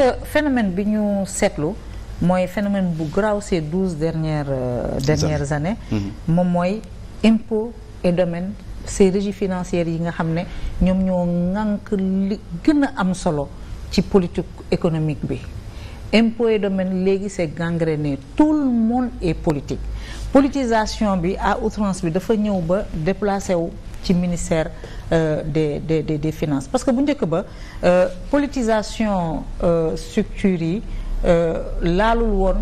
que bi ñu seetlu mooy phénomène bu grave ces douze dernières euh, dernières années mhm. moom mooy impôt et domaine ces régies financières yi nga xam ne ñoom ñoo ŋànk li gën am solo ci politique économique bi impôt et domaine léegi c'est gangréné tout le monde est politique politisation bi à outrance bi dafa ñëw ba déplacé wu ci ministère euh, des des de des finances parce que bu njëkk ba euh, politisation euh, structures yi laalul woon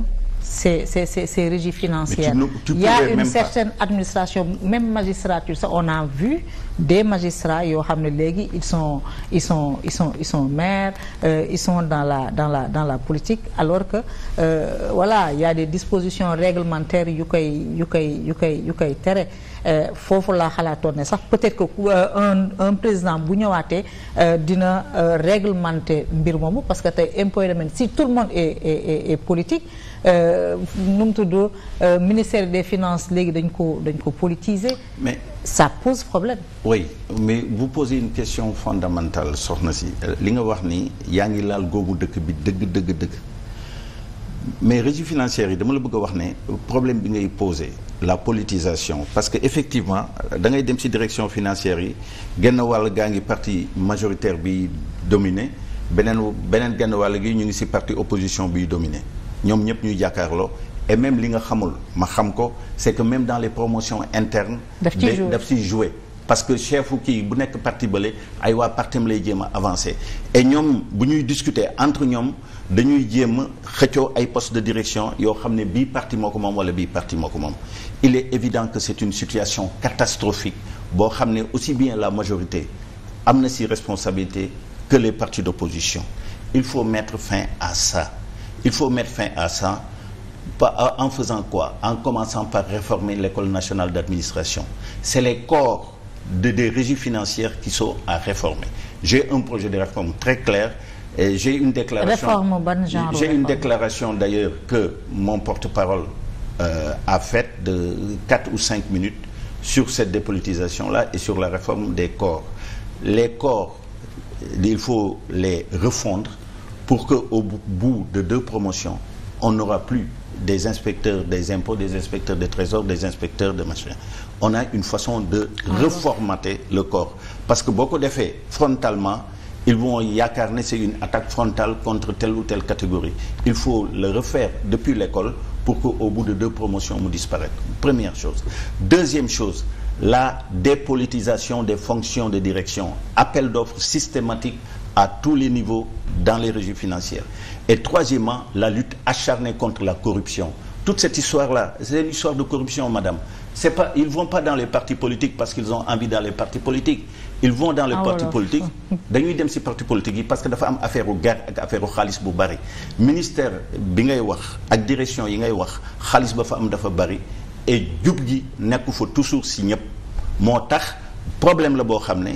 ces ces ces ces régies financières. Mais tu, tu il une certaine administration même magistrature ça on a vu des magistra yoo xam ne léegi ils sont ils sont ils sont ils sont maires euh, dans la dans la dans la politique alors que euh, voilà il y a des dispositions réglementaires yu koy yu koy yu koy yu koy tere euh, foofu laa xalaatoon ne sax peut-être que euh, un un président bu ñëwaatee dina réglementer mbir moomu parce que tey impôt domaine si tout le monde est est Euh, nu mu tudd euh, ministère des finances léegi dañ ko dañ ko politiser. mais ça pose problème. oui mais vous posez une question fondamentale soxna si euh, li nga wax ni yaa ngi laal googu dëkk bi dëgg dëgg dëgg mais régie financière yi dama la bëgg a wax ne problème bi ngay poser la politisation parce que effectivement da ngay dem si direction financière yi genn wàll gaa ngi parti majoritaire bi dominé beneen beneen genn wàll gi ñu ngi si parti opposition biy dominé. ñoom ñëpp ñuy jàkkaarloo et même li nga xamul ma xam ko c'est que même dans les promotions internes daf ciy jouer parce que chef kii bu nekk parti bële ay waa partim lay jéem a avancer ñoom bu ñuy discuter entre ñoom dañuy jéem a xëccoo ay postes de direction yoo xam ne bii parti moo ko moom wala bii parti moo ko moom il est évident que c'est une situation catastrophique boo xam ne aussi bien la majorité am na si responsabilité que les partis d'opposition il faut mettre fin à ça il faut mettre fin à ça pas en faisant quoi en commençant par réformer l'école nationale d'administration c'est les corps de des régies financières qui sont à réformer j'ai un projet de réforme très clair et j'ai une déclaration réforme ban genre j'ai une déclaration d'ailleurs que mon porte-parole euh, a faite de quatre ou cinq minutes sur cette dépolitisation là et sur la réforme des corps les corps il faut les refondre pour que au bout de deux promotions on n'aura plus des inspecteurs des impôts des inspecteurs des trésors des inspecteurs de machin on a une façon de ah reformater le corps parce que boo ko defee frontalement ils vont yaakaar ne c'est une attaque frontale contre telle ou telle catégorie il faut le refaire depuis l'école pour que au bout de deux promotions mu disparaître première chose deuxième chose la dépolitisation des fonctions de direction appel d'offres à tous les niveaux dans les régies financières. Et troisièmement, la lutte acharnée contre la corruption. Toute cette histoire-là, c'est une histoire de corruption, madame. C'est pas, ils ne vont pas dans les partis politiques parce qu'ils ont envie d'aller les partis politiques. Ils vont dans les ah, partis voilà. politiques. dañuy dem ci parti politique yi parce que dafa am affaire u guerre ak affaire u xaalis bu bari. ministère bi ngay wax ak direction yi ngay wax xaalis ba fa am dafa bari et jub gi nekku fa toujours ci ñëpp moo tax problème la boo xam ne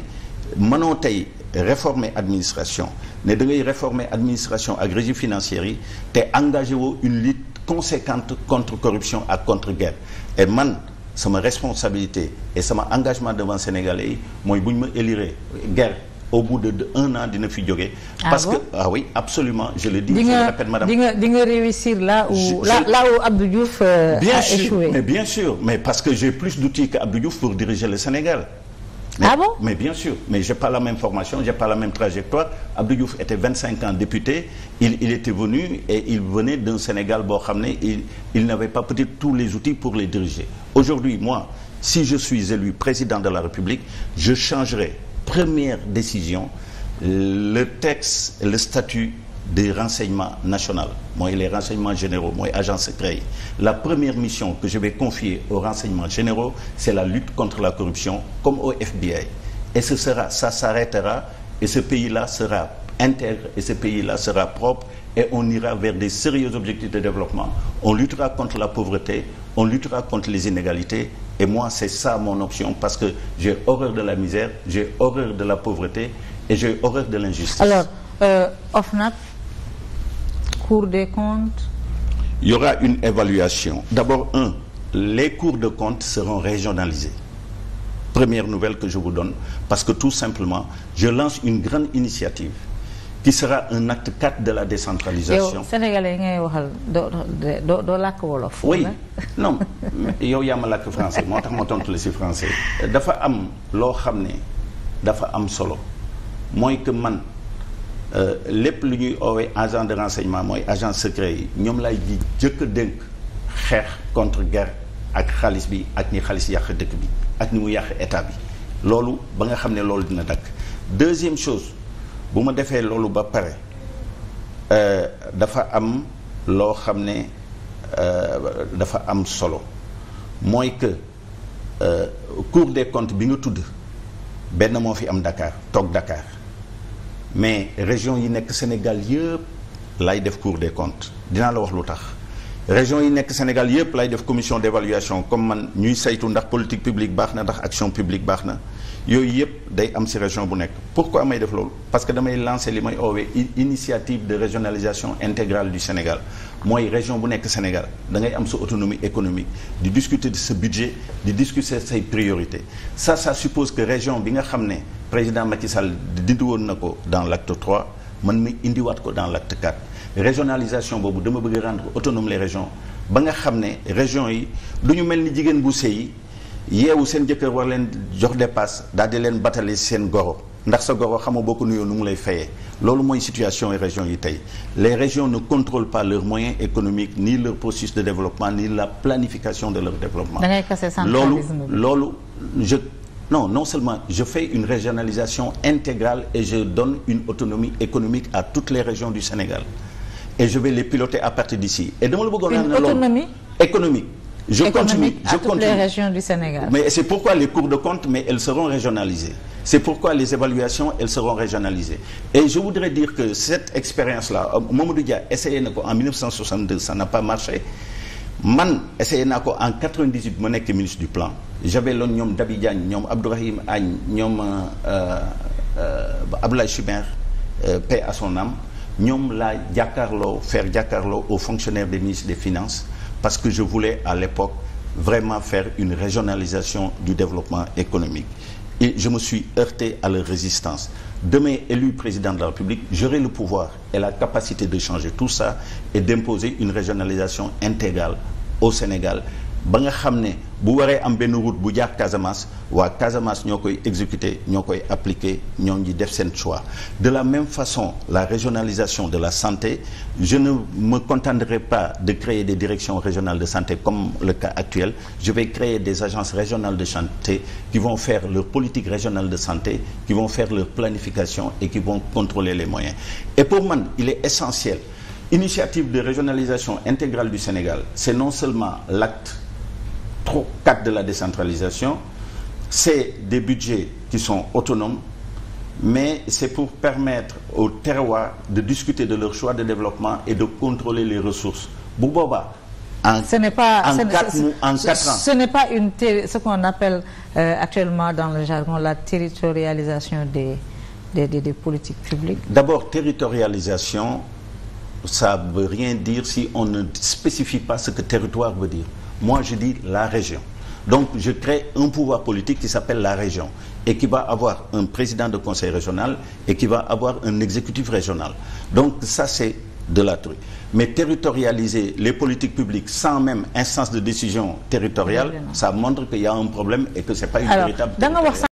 mënoo tey. réformer administration ne da ngay réformer administration ak régie financière yi te engagé woo une lutte conséquente contre corruption ak contre guerre et man sama responsabilité et sama engagement devant sénégalais yi mooy bu ñu ma éliré guerre au bout de un an dina fi jóge ah parce que ah oui absolument je le dis je nga di nga réussir là où là euh, a échoué bien sûr mais bien sûr mais parce que j'ai plus d'outils que Abdou Diouf pour diriger le Sénégal Mais, ah bon mais bien sûr mais j'ai pas la même formation j'ai pas la même trajectoire Abdou Diouf était 25 boo xam ne il il n'avait pas peut-être tous les outils pour les diriger aujourd'hui moi si je suis élu président de la République je changerai première décision le texte le statut des renseignements nationaux mooy les renseignements généraux mooy agence secret yi la première mission que je vais confier aux renseignements généraux c'est la lutte contre la corruption comme au FBI et ce sera ça s'arrêtera et ce pays-là sera intègre et ce pays-là sera propre et on ira vers des sérieux objectifs de développement on luttera contre la pauvreté on luttera contre les inégalités et moi c'est ça mon option parce que j'ai horreur de la misère j'ai horreur de la pauvreté et j'ai horreur de l'injustice euh, Cour des comptes Il y une évaluation. D'abord, un, les cours de compte seront régionalisés. Première nouvelle que je vous donne, parce que tout simplement, je lance une grande initiative qui sera un acte 4 de la décentralisation. yow sénégalais ngay waxal doo doo doo làkk wolof. oui non yow yaa ma français moo tax ma tontu la si français. dafa am loo xam ne dafa am solo mooy que man. Euh, lépp lu ñuy oowee agent de renseignement mooy agent secret yi ñoom laay ji jëkk a dénk xeex contre guerre ak xaalis bi ak ni xaalis yàq dëkk bi ak ni mu yàq état bi loolu ba nga xam ne loolu dina dakk deuxième chose bu ma defee loolu ba pare euh, dafa am loo xam ne euh, dafa am solo mooy que Cour des comptes bi nga tudd benn moo fi am Dakar toog Dakar mais région yi nekk Sénégal yëpp lay def cour de comptes dinaa la wax lu tax région yi nekk Sénégal yëpp lay def commission d'évaluation comme man ñuy saytu ndax politique publique baax na ndax action publique baax na yooyu yëpp day am si région bu nekk pourquoi may def loolu parce que damay lancer li may oowee initiative de régionalisation intégrale du Sénégal mooy région bu nekk Sénégal da ngay am sa autonomie économique di discuter de sa budget di discuter say priorité sa ça suppose que région bi nga xam ne président Macky Sall dindi woon na ko dans l'acte 3 man mi indiwaat ko dans l'acte 4 régionalisation boobu dama bëgg rendre autonome les région ba nga xam ne région yi du ñu mel ni jigéen bu sëy yeewu seen jëkkër war leen jox dépasse daal di leen batale seen goro ndax sa goro xamoo boo nu yoo nu mu lay fayee loolu mooy situation et région yi tey les régions ne contrôlent pas leurs moyens économiques ni leur processus de développement ni la planification de leur développement loolu loolu je non non seulement je fais une régionalisation intégrale et je donne une autonomie économique à toutes les régions du Sénégal et je vais les piloter à partir d'ici et dama la bëggoon na loolu je continue je continue les régions du mais c'est pourquoi les cours de compte mais elles seront régionalisées c'est pourquoi les évaluations elles seront régionalisées et je voudrais dire que cette expérience là euh, Mamadou Dia na ko man essayé naa ko en 98 ma nekk ministre du plan loon ñoom Dabi ñoom Abdourahim Agne ñoom euh, euh, Abdoulaye Chimère paix à son ñoom laa jàkkaarloo faire jàkkaarloo aux fonctionnaires des ministres des finances parce que je voulais à l'époque vraiment faire une régionalisation du développement économique. Et je me suis heurté à leur résistance. Demain, élu président de la République, j'aurai le pouvoir et la capacité de changer tout ça et d'imposer une régionalisation intégrale au Sénégal. ba nga xam ne bu waree am benn route bu jaar Casamance waa Casamance ñoo koy exécuter ñoo koy appliquer ñoo ngi def seen choix de la même façon la régionalisation de la santé je ne me contenterai pas de créer des directions régionales de santé comme le cas actuel je vais créer des agences régionales de santé qui vont faire leur politique régionale de santé qui vont faire leur planification et qui vont contrôler les moyens et pour man il est essentiel initiative régionalisation intégrale du Sénégal c'est non seulement l'acte trop cadre de la décentralisation c'est des budgets qui sont autonomes mais c'est pour permettre aux terroirs de discuter de leur choix de développement et de contrôler les ressources bu boobaa en ce n'est pas en quatre en quatre ans. ce pas une ce qu'on appelle euh, actuellement dans le jargon la territorialisation des des des, des politiques publiques. d'abord territorialisation ça veut rien dire si on ne spécifie pas ce que territoire veut dire. Moi, je dis la région. Donc, je crée un pouvoir politique qui s'appelle la région et qui va avoir un président de conseil régional et qui va avoir un exécutif régional. Donc, ça, c'est de la truie. Mais territorialiser les politiques publiques sans même instance de décision territoriale, ça montre qu'il y a un problème et que ce n'est pas une véritable